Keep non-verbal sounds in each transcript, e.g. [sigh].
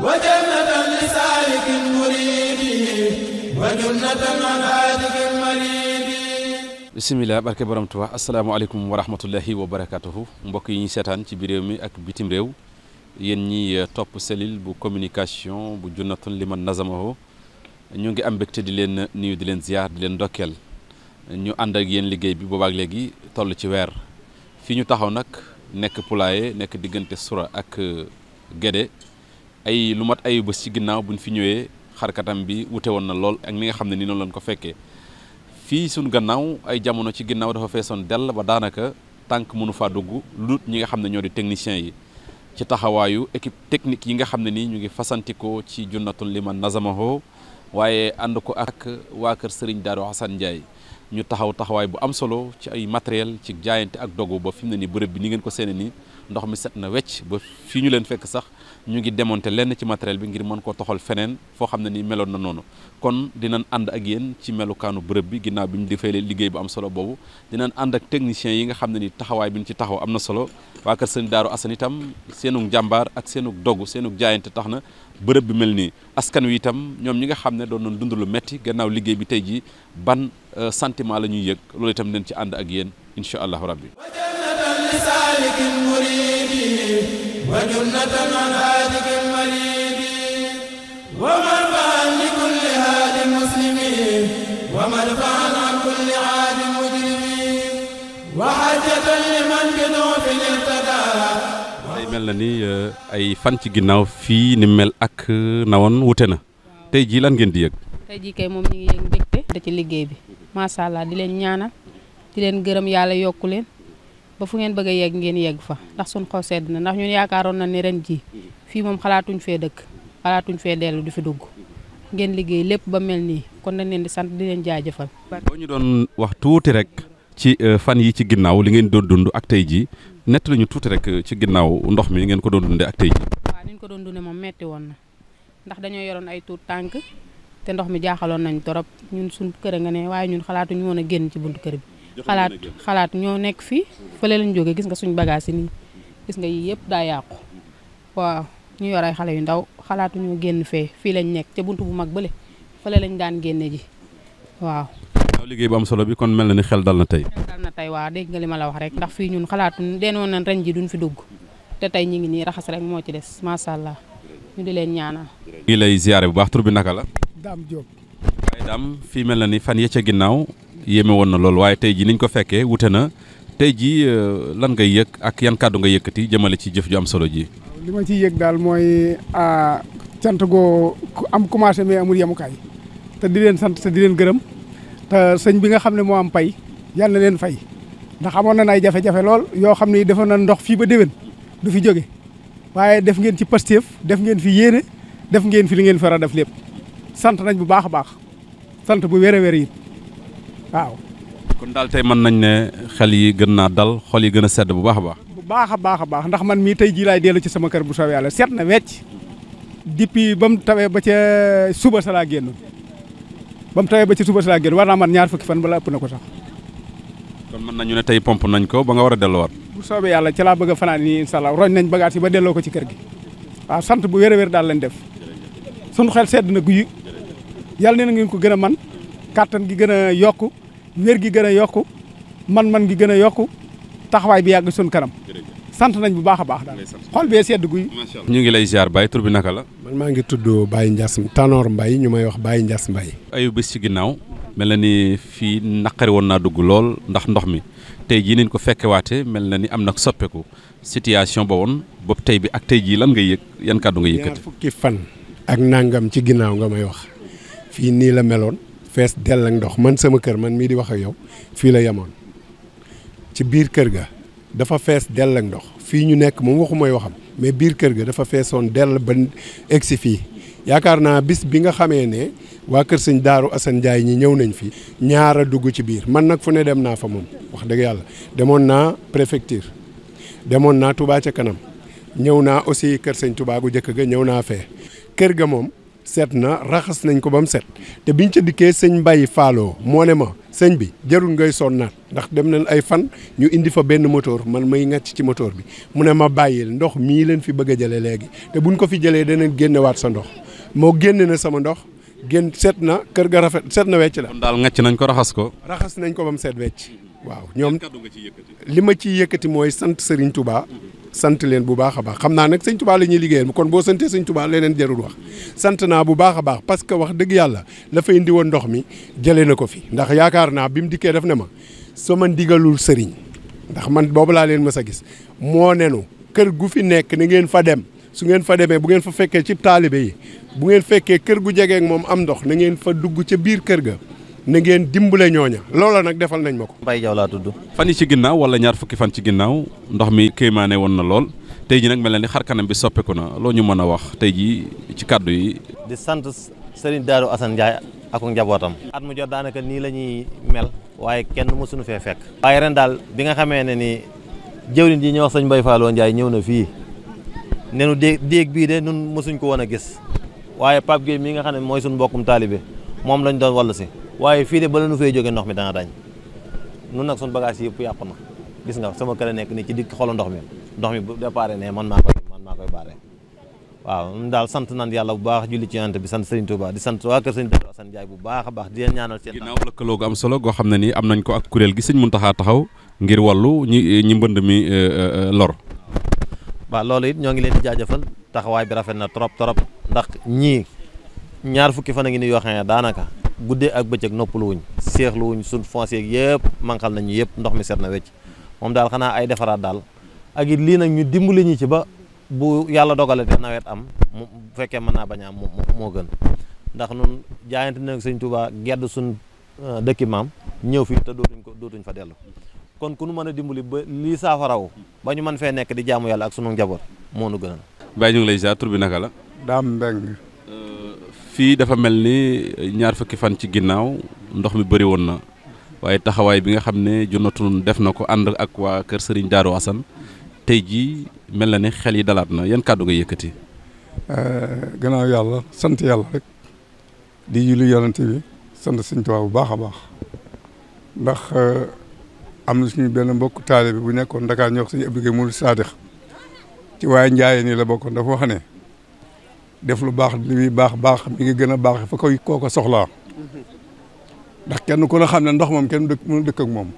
وجنة لسالك مريد وجنة عاتق مريد bisimilah barke borom Tuubaa asalaamaaleykum wa rahmatullahi wa barakatuhu mbokk yi ñu seetaan ci biir réew mi ak bitim réew yéen ñi eh, topp cellule bu communication bu Junatun liman nazamaho ñoo ngi am mbégte di leen nuyu di leen ziar di leen ndokkeel ñu ànd ak yéen liggéey bi boobaak léegi toll ci weer fii ñu taxaw nag nekk Poulailler nekk diggante Soura ak eh, Guédé ay lu mat ay bés ci ginnaaw bu ñu fi ñëwee xarkatam bi wute woon na lool ak ni nga xam ne nii noonu lañ ko fekkee fii suñ gannaaw ay jamono ci ginnaaw dafa feesoon dell ba daanaka tànk mënu faa dugg lu ñi nga xam ne ñoo di techniciens yi ci taxawaayu équipe technique yi nga xam ne nii ñu ngi fasantikoo ci junnatul liman nazamaho waaye ànd ko ak waa kër Serigne Darou Assane Ndiaye ñu taxaw taxawaay bu am solo ci ay matériel ci jaayante ak dogu ba fi mu ne nii bërëb bi ni ngeen ko seene nii ndox mi set na wecc ba fii ñu leen fekk sax ñu ngi démonter lenn ci matériel bi ngir mën koo toxal feneen foo xam ne ni meloon na noonu kon dinan ànd ak yéen ci melukaanu bërëb bi ginnaaw bi ñu defee liggéey bu am solo boobu dinañ ànd ak technicien yi nga xam ne ni taxawaay bi ñu ci taxaw am na solo waa kër sëñ Daaru Asan itam seenug jàmbaar ak seenug dogu seenug jaayante tax na bërëb bi mel nii askan wi itam ñoom ñi nga xam ne doon nañ dund lu metti gannaaw liggéey bi tey jii ban euh, sentiment la ñuy yëg loolu itam ci ànd ak yéen incha allahu rabbi وجنة عن هالك المريض ومرفعا لكل هاد مسلمين ومرفعا عن كل عاد مجرمين وحجة لمن بضعف ارتدى mel na ni eh, ay fan ci ginnaaw fii ni mel ak eh, nawoon wute na tey jii lan ngeen di yëg. tey jii moom ñi ngi yëg mbégte. ci liggéey bi macha allah di leen ñaanal di leen gërëm yàlla yokk leen. ba fu ngeen bëgg a yegg ngeen yegg fa ndax suñ xol sedd na ndax ñun yaakaaroon na ne ren jii fii moom xalaatuñ fee dëkk xalaatuñ fee dellu di fi dugg ngeen liggéey lépp ba mel nii kon dañ leen di sant di leen jaajëfal. boo ñu doon wax tuuti rek ci euh, fan yi ci ginnaaw li ngeen doon dund ak tey jii nett lañu tuuti rek euh, ci ginnaaw ndox mi ngeen ko doon dundee ak tey jii. waaw ni ñu ko doon dundee moom metti woon na ndax dañoo yoroon ay tuut tànk te ndox mi jaaxaloon nañ torop ñun suñ kër nga ne ñun xalaatuñ a génn ci buntu kër bi xalaat xalaat ñoo nekk fii mhm. fële lañ jógee gis nga suñ bagaasi nii gis nga yii yëpp daa yàqu mhm. waaw ñu yor ay xale yu ndaw xalaatuñoo génn fee fii lañ nekk ca bunt bu mag bële fële lañ daan génne ji waaw waaw liggéey bu am solo bi kon mel na ni xel dal na tey dal na tey waaw dégg nga li ma la wax rek ndax fii ñun xalaatu denoon nañ ren ji duñ fi dugg te tey ñu ngi nii raxas rek moo ci des macha allah ñu di leen ñaanal ngi lay ziyaare bu baax tur bi naka la daam Diop waaye daam fii mel na ni fan ya ca ginnaaw yéeme woon na lool waaye tey jii niñ ko fekkee wute na tey jii euh, lan ngay yëg ak yan kàddu ngay yëkkati jëmale ci jëf ju am solo ji. li ma ciy yëg daal mooy cant goo am commencé mais amul yemukaay te di leen sant te di leen gërëm te sëñ bi nga xam ne moo am pay yàlla na leen fay ndax amoon na ay jafe-jafe lool yoo xam ne defoon na ndox fii ba déwén du fi jóge waaye def ngeen ci Pastef def ngeen fi yéene def ngeen fi li ngeen a def lépp sant nañ bu baax a baax sant bu wér a wér waaw. kon daal tey mën nañ ne xel yi gën naa dal xol yi gën a sedd bu baax baax. bu baax a baax a baax ndax man mii tey jii laay dellu ci sama kër bu soobee yàlla seet na wecc depuis ba mu tawee ba ca suba sa laa génn ba mu tawee ba ca suba sa laa génn war naa man ñaar fukki fan bala ëpp na ko sax. kon mën nañu ne tey pomp nañ ko ba nga war a delluwaat. bu soobee yàlla ci laa bëgg fanaan nii incha allah roñ nañ bagaas yi ba delloo ko ci kër gi waaw sant bu wér a wér daal lañ def sunu xel sedd na guy yàlla nee na ngeen ko gën a man kàttan gi gën a yokk wér gi gën a yokk man-man gi gën a yokk taxawaay bi yàgg suñu kanam sant nañ bu baax a baax daal xol bee sedd guy ñu ngi lay ziar Baye tur bi naka la man maa ngi tudd Baye Ndiass Tanor Mbaye ñu may wax bàyyi Ndiass mbay ayu bés ci ginnaaw mel na ni fii naqari woon naa dugg lool ndax ndox mi tey jii neen ko fekkewaate mel na ni am nag soppeeku situation ba woon boobu tey bi ak tey jii lan nga yëg yan kàddu nga yëkkati fan ak nangam ci ginnaaw nga may wax fii nii la meloon fees dell ak ndox man sama kër man mii di wax ak yow fii la yemoon ci biir kër ga dafa fees dell ak ndox fii ñu nekk moom waxu mooy waxam mais biir kër ga dafa feesoon dell ba egg si fii yaakaar naa bis bi nga xamee ne waa kër sëñ Daaru Assane Ndiaye ñi ñëw nañ fi ñaara dugg ci biir man nag fu ne dem naa fa moom wax dëgg yàlla demoon naa préfecture demoon naa tubaa ca kanam ñëw naa aussi kër sañ Touba gu njëkk ga ñëw naa fee kër ga moom seet na raxas nañ ko ba mu set te biñ ca dikkee sëñ Mbaye Fallou moo ne ma sëñ bi jarul ngay sonnaat ndax dem nañ ay fan ñu indi fa benn moteur man may ngàcc ci moteur bi mu ne ma bàyyil ndox mii leen fi bëgg a jëlee léegi te buñ ko fi jëlee danañ génnewaat sa ndox moo génne na sama ndox génn seet na kër ga rafet seet na wecc la. kon daal ngàcc nañ ko raxas ko. raxas nañ ko ba mu set wecc. waaw ñoom li ma ciy yëkkati mooy sant Serigne tubaa sant leen bu baax a baax xam naa nag sëñ Touba la ñuy liggéeyal kon boo santee sëñ Touba leneen jarul wax sant naa bu baax a baax parce que wax dëgg yàlla la fa indi ndox mi jëlee na ko fi ndax yaakaar naa bi mu dikkee def ne ma soo sama ndigalul sëriñ ndax man boobu laa leen ma sa gis moo nenu kër gu fi nekk na ngeen fa dem su ngeen fa demee bu ngeen fa fekkee ci taalibe yi bu ngeen fekkee kër gu jegeek moom am ndox na ngeen fa dugg ca biir kër ga na ngeen dimbale ñooña loola nag defal nañ ma ko. Mbaye Diaw laa tudd. fan yi ci ginnaaw wala ñaar fukki fan ci ginnaaw ndox mi kéemaane woon na lool tey ji nag mel na ni xar kanam bi soppeeku na loo ñu mën a wax tey ji ci kàddu yi. di sant Serigne daaru Assane Ndiaye ako njabootam. at mu jot daanaka nii lañuy mel waaye kenn mësuñu fee fekk. waaye ren daal bi nga xamee ne ni jëwriñ ji ñuy wax sëñ Mbaye Fallou Ndiaye ñëw na fii nenu déeg déeg bii de nun mësuñ ko woon a gis waaye Pape Gueye mi nga xam ne mooy suñu mbokkum taalibe moom lañ doon wall si waaye fii de ba nu fay jógee ndox mi dana dañ nun nag suñ bagage yëpp yàqu na gis nga sama kër a nekk nii ci dikk xolo ndox mi ndox mi bu déparé ne man maa koy man maa koy baare waaw ñun daal sant nañ yàlla bu baax julli ci yonent bi sant Serigne Touba di sant waa kër Serigne Darou Assane Ndiaye bu baax a baax di leen ñaanal seen solo goo xam ne nii am nañ ko kuréel gi Serigne Mountakha taxaw ngir wallu ñi ñi mbënd mi eh, eh, lor waaw loolu it ñoo ngi leen di jaajëfal taxawaay bi rafet na trop trop ndax ñaar fukki fan a ngi ni yoo xam daanaka guddee ak bëccëg noppalu wuñ seexlu wuñ suñ foncier yëpp manqal nañu yëpp ndox mi set na wecc moom daal xanaa ay defaraat daal ak it lii nag ñu dimbali ñu ci ba bu yàlla dogalatee nawet am mu fekkee mën naa bañ a am moo gën ndax nun jaayante nag sëñ Touba gedd suñ euh, dëkki maam ñëw fii te dootuñ ko dootuñ fa dellu kon ku nu mën a dimbali ba lii saafaraw ba ñu mën fee nekk di jaamu yàlla ak sunu njaboot moo nu gënal. Baye ñu bi naka la. fii dafa mel ni ñaar fukki fan ci ginnaaw ndox mi bëri woon na waaye taxawaay bi nga xam ne Junatun def na ko ànd ak waa kër Serigne Darou Assane tey jii mel na ni xel yi dalaat na yan kàddu nga yëkkati. Euh, gannaaw yàlla sant yàlla rek di julli yonent bi sant Sëñ Tuubaa bu baax a baax ndax euh, am na suñu benn mbokk bi bu nekkoon Dakar ñoo wax suñu Abdou Gueye mu saadix ci waaye njaayeen yi la bokkoon dafa wax ne. def lu baax li muy baax baax mi ngi gën a baax fa koy koo ko soxlaa ndax kenn ku ne xam ne ndox moom kenn dëkk mënu dëkk ak moom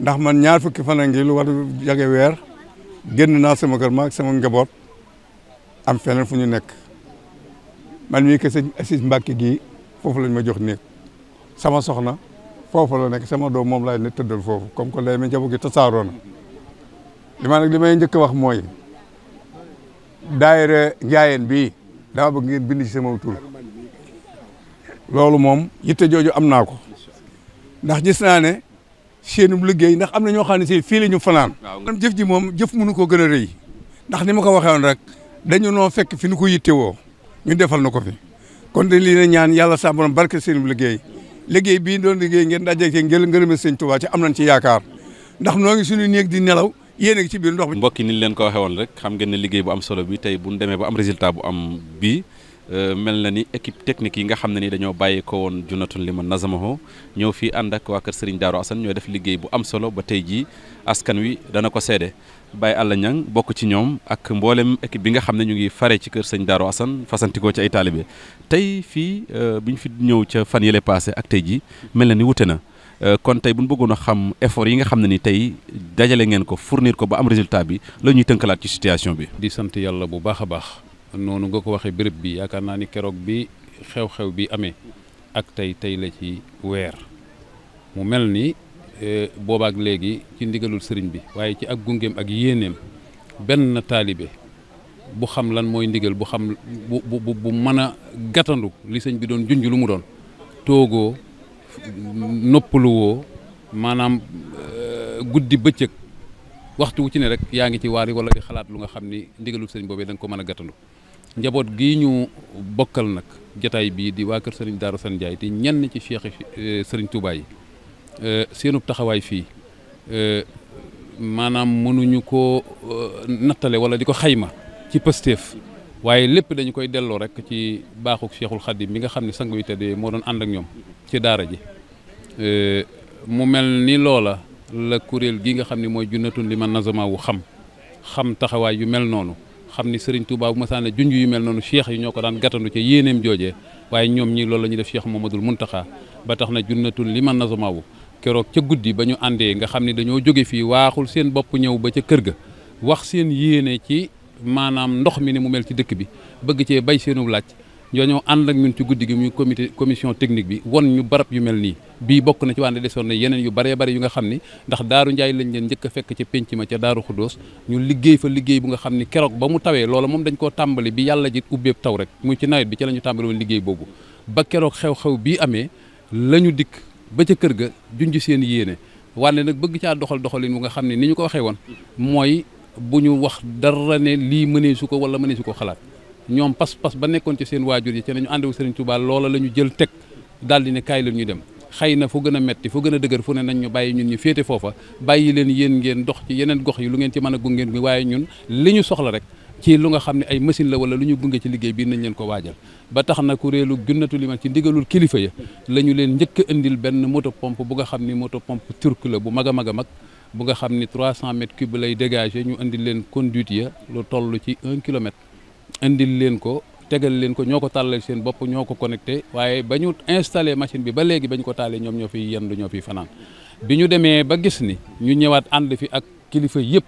ndax man ñaar fukki fan a ngi lu war jage weer génn naa sama kër ma ak sama njaboot am feneen fu ñu nekk man mii kese assis mbàkki gii foofu lañ ma jox nii sama soxna foofu la nekk sama doom moom lay ne tëddal foofu comme que lay ma njaboot gi tasaaroo na li li may njëkk wax mooy daayira njaayeen bi daa bëgg ngeen bind ci sama tur loolu moom yitte jooju am naa ko ndax gis naa ne seenum liggéey ndax am na ñoo xam ne si fii la ñu fanaan maanaam jëf ji moom jëf mënu ko gën a rëy ndax ni ma ko waxee woon rek dañu noo fekk fi nu ko yitte woo ñu defal na ko fi kon de lii na ñaan yàlla sa borom barke seenum liggéey liggéey bii doon liggéey ngeen dajeeg ngeen ngërëme sëñ Tuubaa ci am nañ ci yaakaar ndax noo ngi suñu néeg di nelaw yéen ngi ci biir ndox mi. mbokk yi ni leen ko waxee woon rek xam ngeen ne liggéey bu am solo bi tey bu ñu demee ba am résultat bu am bii euh, mel na ni équipe technique yi nga xam ne ni dañoo bàyyi ko woon junatun li ma nazamaho ñëw fii ànd ak waa kër sëriñ Darou Assane ñoo def liggéey bu am solo ba tey jii askan wi dana ko seede bàyyi Alla Niang bokk ci ñoom ak mboolem équipe bi nga xam ne ñu ngi fare ci kër Serigne Darou Assane fasantikoo ci ay taalibe tey fii euh, bi ñu fi ñëw ca fan yële ak tey jii mel na ni wute na. Euh, kon tey bu ñu bëggoon a xam effort yi nga xam ne ni tey dajale ngeen ko fournir ko ba am résultat bi la ñuy tënkalaat ci situation bi. di sant yàlla bu baax a baax noonu nga ko waxee bërëb bi yaakaar naa ni keroog bi xew-xew bi amee ak tey tey la ci weer mu mel ni euh, boobaak léegi ci ndigalul sëriñ bi waaye ci ak gungeem ak yéeneem benn taalibe bu xam lan mooy ndigal bu xam bu bu bu mën a gàttandu li sëñ bi doon junj lu mu doon toogoo. noppaluwoo maanaam euh, guddi bëccëg waxtu wu ci ne rek yaa ngi ci waar yi wala di xalaat lu nga xam ni ndigalul sëriñ boobee da nga ko mën a gàttandu njaboot gii ñu bokkal nag jataay bii di waa kër sëriñ Darou Assane Ndiaye te ñenn ci cheikh euh, sëriñ Touba yi euh, seenub taxawaay fii maanaam mënuñu ko nattale wala di ko xayma ci pësteef waaye lépp dañu koy delloo rek ci baaxuk Cheikhul Khadim bi nga xam ne sang yu moo doon ànd ak ñoom ci daara ji euh, mu mel ni loola la kuréel nga xam ne mooy junnatun li ma nazama wu xam xam taxawaay yu mel noonu xam ni Serigne Touba bu masaana junj yu mel noonu cheikh yi ñoo ko daan gàttandu ca yéeneem joojee waaye ñoom ñi loolu la ñuy def cheikh Mamadul Muntaxa ba tax na junnatun li ma nazama wu keroog ca guddi ba ñu àndee nga xam ne dañoo jóge fii waaxul seen bopp ñëw ba ca kër ga wax seen yéene ci maanaam ndox mi ni mu mel ci dëkk bi bëgg cee bay seenu laaj ñoo ànd ak ñun ci guddi gi muy comité commission technique bi won ñu barab yu mel nii bii bokk na ci wànde de na yeneen yu baree bari yu nga xam ni ndax daaru njaay lañ leen njëkk a fekk ca pénc ma ca daaru xudóos ñu liggéey fa liggéey bu nga xam ni keroog ba mu tawee loola moom dañ ko tàmbali bi yàlla ji ubbeeb taw rek muy ci nawet bi ci la ñu tàmbali woon liggéey boobu ba keroog xew-xew bii amee la ñu dikk ba ca kër ga junj seen yéene wànde nag bëgg caa doxal doxalin bu nga xam ne ni ñu ko waxee woon mooy bu ñu wax dara ne lii mënee su ko wala mënee su ko xalaat ñoom pas-pas ba nekkoon ci seen waajur yi te nañu àndewu Serigne Touba loola la ñu jël teg daal di ne kaay la ñu dem xëy na fu gën a metti fu gën a dëgër fu ne nañ ñu bàyyi ñun ñu féete foofa bàyyi leen yéen ngeen dox ci yeneen gox yi lu ngeen ci mën a gungeen gi waaye ñun li ñu soxla rek ci lu nga xam ne ay machine la wala lu ñu gunge ci liggéey bii nañ leen ko waajal ba tax na kuréelu junnatu liman ci ndigalul kilifa ya la ñu leen njëkk indil benn moto pompe bu nga xam ni moto pompe turque la bu mag a mag a mag bu nga xam ni 300 mètres cubes lay dégager ñu indil leen conduite ya lu tollu ci un kilomètre indil leen ko tegal leen ko ñoo ko tàllal seen bopp ñoo ko connecté waaye ba ñu installé machine bi ba léegi ba ñu ko taalee ñoom ñoo fiy yendu ñoo fiy fanaan bi ñu demee ba gis ni ñu ñëwaat ànd fi ak kilifa yëpp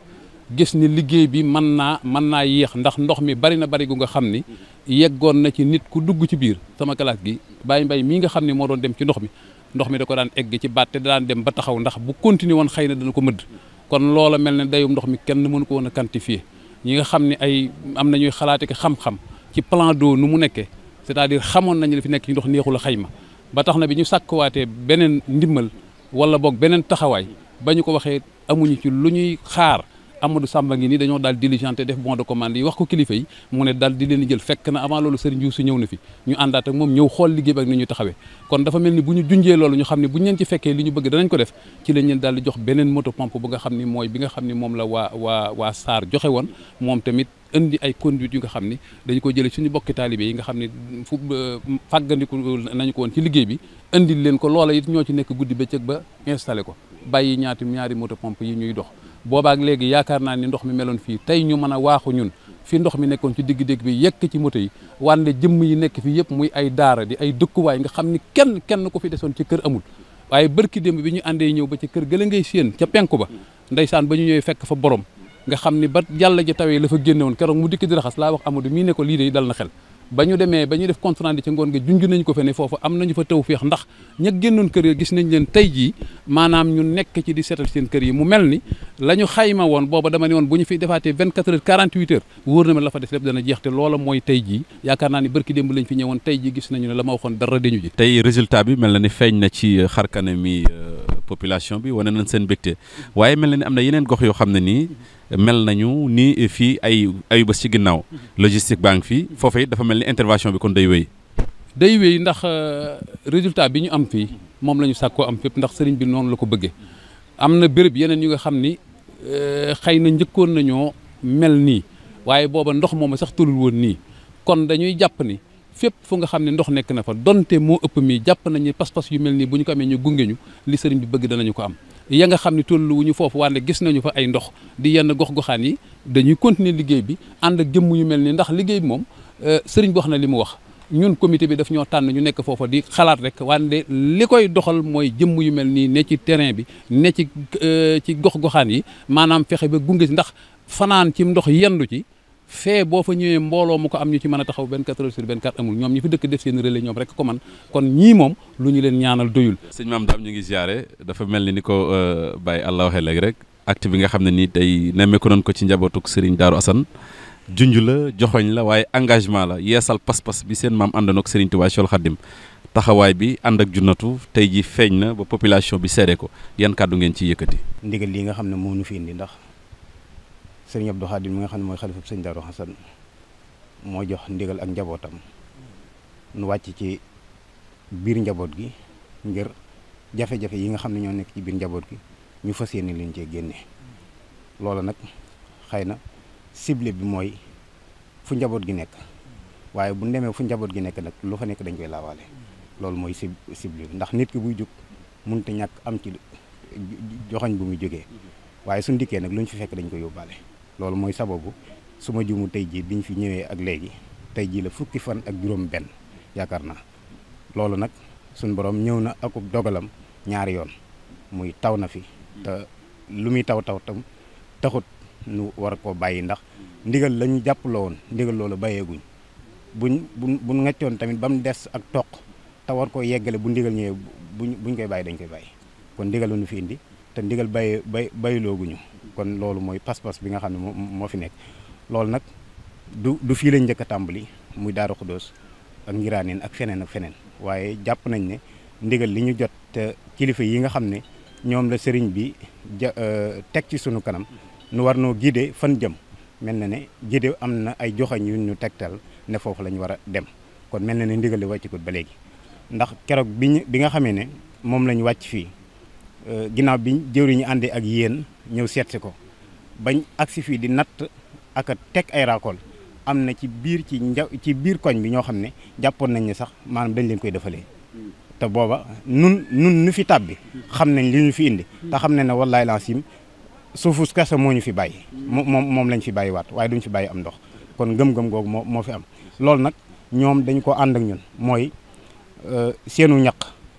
gis ni liggéey bi mën naa mën naa yéex ndax ndox mi bari na bari gu nga xam ni yeggoon na ci nit ku dugg ci biir sama kalaas gi bàyyi mbay mii nga xam ni moo doon dem ci ndox mi ndox mi da ko daan egg ci baat te daan dem ba taxaw ndax bu continuer woon xay na dana ko mëdd kon loola mel ne dayum ndox mi kenn mënu ko woon a quantifier ñi nga xam ne ay am na ñuy xalaate ki xam-xam ci palant do nu mu nekkee c'est-à-dire xamoon nañu li fi nekk ci ndox neexul a xayma ba tax na bi ñu waatee beneen ndimmal wala boog beneen taxawaay ba ñu ko waxee amuñu ci lu ñuy xaar Amadou Samba ngi nii dañoo daal diligenté def bon de commande yi wax ko kilifa yi mu ne daal di leen jël fekk na avant loolu Serigne Diouf si ñëw na fi ñu àndaat moom ñëw xool liggéey bi ak ni kon dafa mel ni bu ñu junjee loolu ñu xam ne bu ñu ñu bëgg danañ ko def ci lañ leen di jox beneen moto pompe bu nga xam ni mooy bi nga moom la waa waa waa Sarr joxe woon moom tamit indi ay conduite yu nga xam ni dañu ko jëlee suñu bokki taalibe yi nga xam ni fu fàggandiku nañu ko woon ci liggéey bi indi leen ko loola it ñoo ci nekk guddi cëg ba installé ko bàyyi ñaati ñaari moto pompe yi ñuy dox boobaak léegi yaakaar naa ni ndox mi meloon fii tey ñu mën a waaxu ñun fi ndox mi nekkoon ci digg-digg bi yekk ci moto yi wante jëm yi nekk fii yëpp muy ay daara di ay dëkkuwaay nga xam ni kenn kenn ku fi desoon ci kër amul waaye bërki démb bi ñu àndee ñëw ba ci kër gëla ngay séen ca penku ba ndeysaan ba ñu ñëwee fekk fa borom nga xam ni ba yàlla ji tawee la fa génne woon keroog mu dikk di raxas laa wax Amadou mii ne ko lii de dal na xel ba ñu demee ba ñu def compte rendu ci ngoon gi junj nañ ko fe foofu am nañu fa taw feex ndax ña génnoon kër yi gis nañ leen tey jii maanaam ñu nekk ci di seetal seen kër yi mu mel ni la ñu xayma woon booba dama ne woon bu ñu fi defaatee 24 heures 48 heures wóor na ma la fa des dana jeex te loola mooy tey jii yaakaar naa ni bërki démb lañ fi ñëwoon tey jii gis nañu ne la ma waxoon dara dañu ji tey résultat bi mel na ni feeñ na ci xarkana mi population bi wane nañ seen mbégte waaye mel na ni am na yeneen gox yoo xam na nii mel nañu ni fii ay ayu bés ci ginnaaw logistique baa ngi fii foofee dafa mel ni intervention bi kon day wéy. day wéy ndax euh, résultat bi ñu am fii moom la ñu sàkkoo am fépp ndax sëriñ bi noonu la ko bëggee am na béréb yeneen yu nga xam ni euh, xëy na njëkkoon nañoo mel nii waaye booba ndox moom sax tulul woon nii kon dañuy jàpp ni. fépp fu nga xam ne ndox nekk na fa donte moo ëpp mii jàpp nañu pas-pas yu mel nii bu ñu ko amee ñu gunge ñu li sëriñ bi bëgg danañu ko am ya nga xam ne tolluwuñu foofu wàlle gis nañu fa ay ndox di yenn gox-goxaan yi dañuy continuer liggéey bi ànd ak jëmm mel nii ndax liggéey moom euh, sëriñ bi wax na li mu wax ñun comité bi daf ñoo tànn ñu nekk foofa di xalaat rek wante li koy doxal mooy jëmm yu mel nii ne ci terrain bi ne ci euh, ci gox-goxaan yi maanaam fexe ba gunge si ndax fanaan ci ndox yendu ci fee boo fa ñëwee mbooloo mu ko am ñu ci mën a taxaw 24 heures sur 24 amul ñoom ñi fi dëkk def seen relais ñoom rek ko man kon ñii moom lu ñu leen ñaanal doyul. sëñ maam daam ñu ngi ziare dafa mel ni ni ko euh, Baye Allah waxee léegi rek acte bi nga xam ne nii tey nemmeeku nañ ko ci njabootuk Serigne Darou Assane junj la joxoñ la waaye engagement la yeesal pas-pas bi seen maam àndoon ak Serigne Touba Cheikhul taxawaay bi ànd ak junnatu tey ji feeñ na ba population bi seede ko yan kàddu ngeen ci yëkkati. ndigal li nga xam ne moo ñu fi indi ndax. sëriñ Abdou Khadim mi nga xam ne mooy xalifa sëñ Darou Hassane moo jox ndigal ak njabootam nu wàcce ci biir njaboot gi ngir jafe-jafe yi nga xam ne ñoo nekk ci biir njaboot gi ñu fas yéene leen cee génne loola nag xëy na cible bi mooy fu njaboot gi nekk waaye bu demee fu njaboot gi nekk nag lu fa nekk dañ koy laawaale loolu mooy cible bi ndax nit ki buy jóg mënut a ñàkk am ci joxañ bu mu jógee waaye suñ dikkee nag luñ fi fekk dañ koy yóbbaale loolu mooy sababu su ma jumu tey jii bi ñu fi ñëwee ak léegi tey jii la fukki fan ak juróom-benn yaakaar naa loolu nag suñ borom ñëw na akub dogalam ñaari yoon muy taw na fi te lu muy taw taw taxut nu war koo bàyyi ndax ndigal lañu jàppaloo woon ndigal loolu bàyyeeguñ buñ buñ buñ ngaccoon tamit ba mu des ak toq te war koo yeggale bu ndigal ñëwee bu buñ koy bàyyi dañ koy bàyyi kon ndigal nu fi indi. ndigal bay bay baylooguñu kon loolu mooy pas-pas bi nga xam ne moo fi nekk loolu nag du du fii lañ njëkk a tàmbali muy Daaru Xuddoos ak Ngiraaneen ak feneen ak feneen waaye jàpp nañ ne ndigal li ñu jot te kilifa yi nga xam ne ñoom la sëriñ bi ja euh, teg ci sunu kanam nu war noo gide fan jëm mel na ne gide am na ay joxañ yu ñu tegtal ne foofu la ñu war a dem kon mel na ne ndigal li wàccikut ba léegi ndax keroog bi ñu bi nga xamee ne moom la ñu wàcc fii Euh, ginnaaw bi jëwriñu àndee ak yéen ñëw seetsi ko bañ agsi fii di natt ak a teg ay récolte am na ci biir ci nja ci biir koñ bi ñoo xam ne jàppoon nañ ne sax maanaam dañ leen koy defalee te booba nun nun nu fi tàbbi xam nañ li ñu fi indi te xam ne ne wallaay lansim suufus kese moo ñu fi bàyyi moom moom lañ fi bàyyi waat waaye duñ fi bàyyi am ndox kon gëm-gëm googu moo moo fi am loolu nag ñoom dañ ko ànd ak ñun mooy euh, seenu ñaq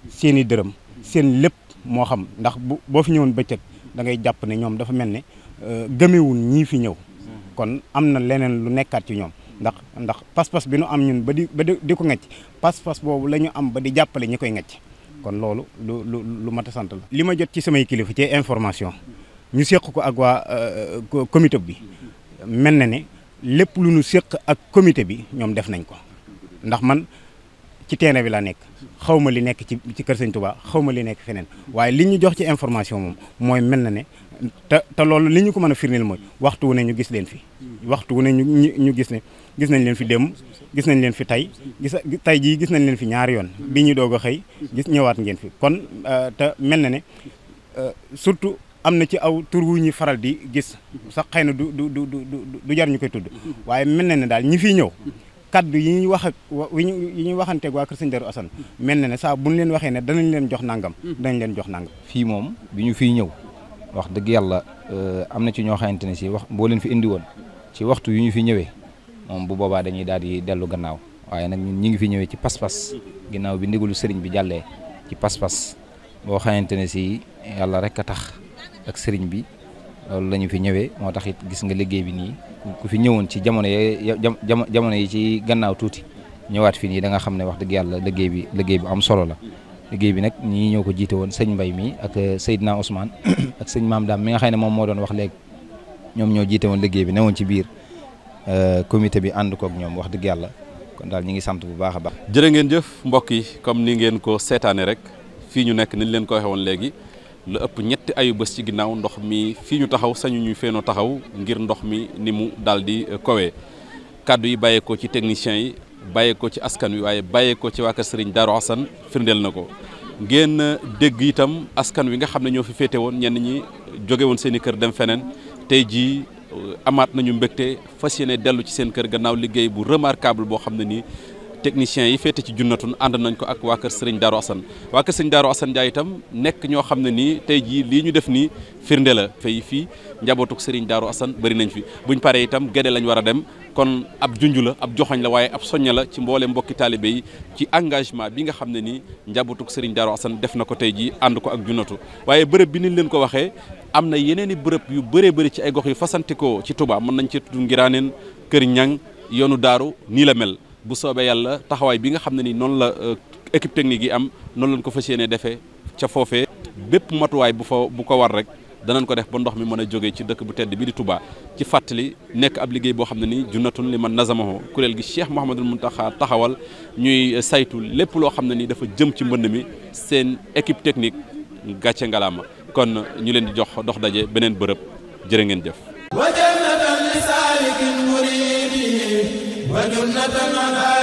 seeni dërëm seen lépp moo xam ndax bu boo fi ñëwoon bëccëg da ngay jàpp ne ñoom dafa mel ne euh, gëmewul ñii fi ñëw kon am na leneen lu nekkaat ci ñoom ndax ndax pas-pas bi nu am ñun ba di ba di ko ngecc pas-pas boobu la ñu am ba di jàppale ñu koy ngecc kon loolu lu lu lu mat a sant la. li ma jot ci samay kilifa ci information ñu séq ko ak waa euh, euh, comité bi mel na ne lépp lu ñu séq ak comité bi ñoom def nañ ko ndax man. ci terrain bi laa nekk xawma li nekk ci ci Kër Sëñ Touba xaw ma li nekk feneen waaye li ñu jox ci information moom mooy mel na ne te te loolu li ñu ko mën a firndeel mooy waxtu wu ne ñu gis leen fi waxtu wu ne ñu ñu gis ne gis nañ leen fi démb gis nañ leen fi tey gis tey jii gis nañ leen fi ñaari yoon bi ñu doog a xëy gis ñëwaat ngeen fi kon euh, te mel na ne euh, surtout am na ci aw tur wu ñuy faral di gis sax xëy na du du du du jar ñu koy tudd waaye mel na ne daal ñi fiy ñëw kaddu yi ñu wax ak yi ñuy waxanteeg waa kër sëñ Darou Assane mel na ne saa buñ leen waxee ne danañ leen jox nangam hmm. danañ leen jox nangam fii moom bi ñu fi ñëw wax dëgg yàlla euh, am na ci ñoo xamante ne si wax boo leen fi indi woon ci waxtu yu ñu fi ñëwee moom bu boobaa dañuy daal di dellu gannaaw waaye nag ñun ñi ngi fi ñëwee ci pas-pas ginnaaw bi ndigalu sëriñ bi jàllee ci pas-pas boo xamante ne si yàlla rek a tax ak sëriñ bi loolu la ñu fi ñëwee moo tax it gis nga liggéey bi nii ku fi ñëwoon ci jamono yi jamono yi ci gannaaw tuuti ñëwaat fi nii da nga xam ne wax dëgg yàlla liggéey bi liggéey bu am solo la liggéey bi nag ñii ñoo ko jiite woon Mbay mi ak euh, Seydina Ousmane [coughs] ak sëñ Maam Daam mi nga xam ne moom moo doon wax léegi ñoom ñoo jiite woon liggéey bi newoon ci biir euh, comité bi ànd kook ñoom wax dëgg yàlla kon daal ñu ngi sant bu baax a baax. jërë ngeen jëf mbokk yi comme ni ngeen ko seetaanee rek fii ñu nekk niñ leen ko waxee woon léegi. la ëpp ñetti ayu bés ci ginnaaw ndox mi fii ñu taxaw sañu ñu feenoo taxaw ngir ndox mi ni mu daal di euh, kowee kàddu yi bàyyeekoo ci techniciens yi bàyyeekoo ci askan wi waaye bàyyeekoo ci waa kër Serigne Darou Assane firndeel na ko ngeen euh, dégg itam askan wi nga xam ne ñoo fi féete woon ñenn ñi jóge woon seen i kër dem feneen tey jii euh, amaat nañu mbégte fas yéene dellu ci seen kër gannaaw liggéey bu remarquable boo xam ne nii. techniciens yi féete ci junnatun ànd nañ ko ak waa kër sëriñ Darou Assane waa kër sëriñ Darou Assane Ndiaye itam nekk ñoo xam ne nii tey jii lii ñu def nii firnde la fay fii njabootuk sëriñ Darou Assane bëri nañ fi buñ paree itam Guédé lañ war a dem kon ab junj la ab joxoñ la waaye ab soñña la ci mboole mbokki taalibe yi ci engagement bi nga xam ne nii njabootuk sëriñ Darou Assane def na ko tey jii ànd ko ak junnatu waaye bërëb bi niñ leen ko waxee am na yeneen i yu bëree bëri ci ay yu fasantikoo ci Touba mën nañ ci tudd Ngiraaneen Kër Ñang yoonu daaru nii la mel bu soobee yàlla taxawaay bi nga xam ne ni noonu la euh, équipe technique yi am noonu lañ ko fas yéene defee ca foofee bépp matuwaay bu fa bu ko war rek danañ ko def ba ndox mi mën a jógee ci dëkk bu tedd bi di tubaa ci fàttali nekk ab liggéey boo xam ne nii junnatun li man nazamaho kuréel gi Cheikh Mouhamadul Mountakha taxawal ñuy saytu lépp loo xam ne nii dafa jëm ci mbënd mi seen équipe technique gàcce ngalaama kon ñu leen di jox dox daje beneen bërëb jërë ngeen jëf. wa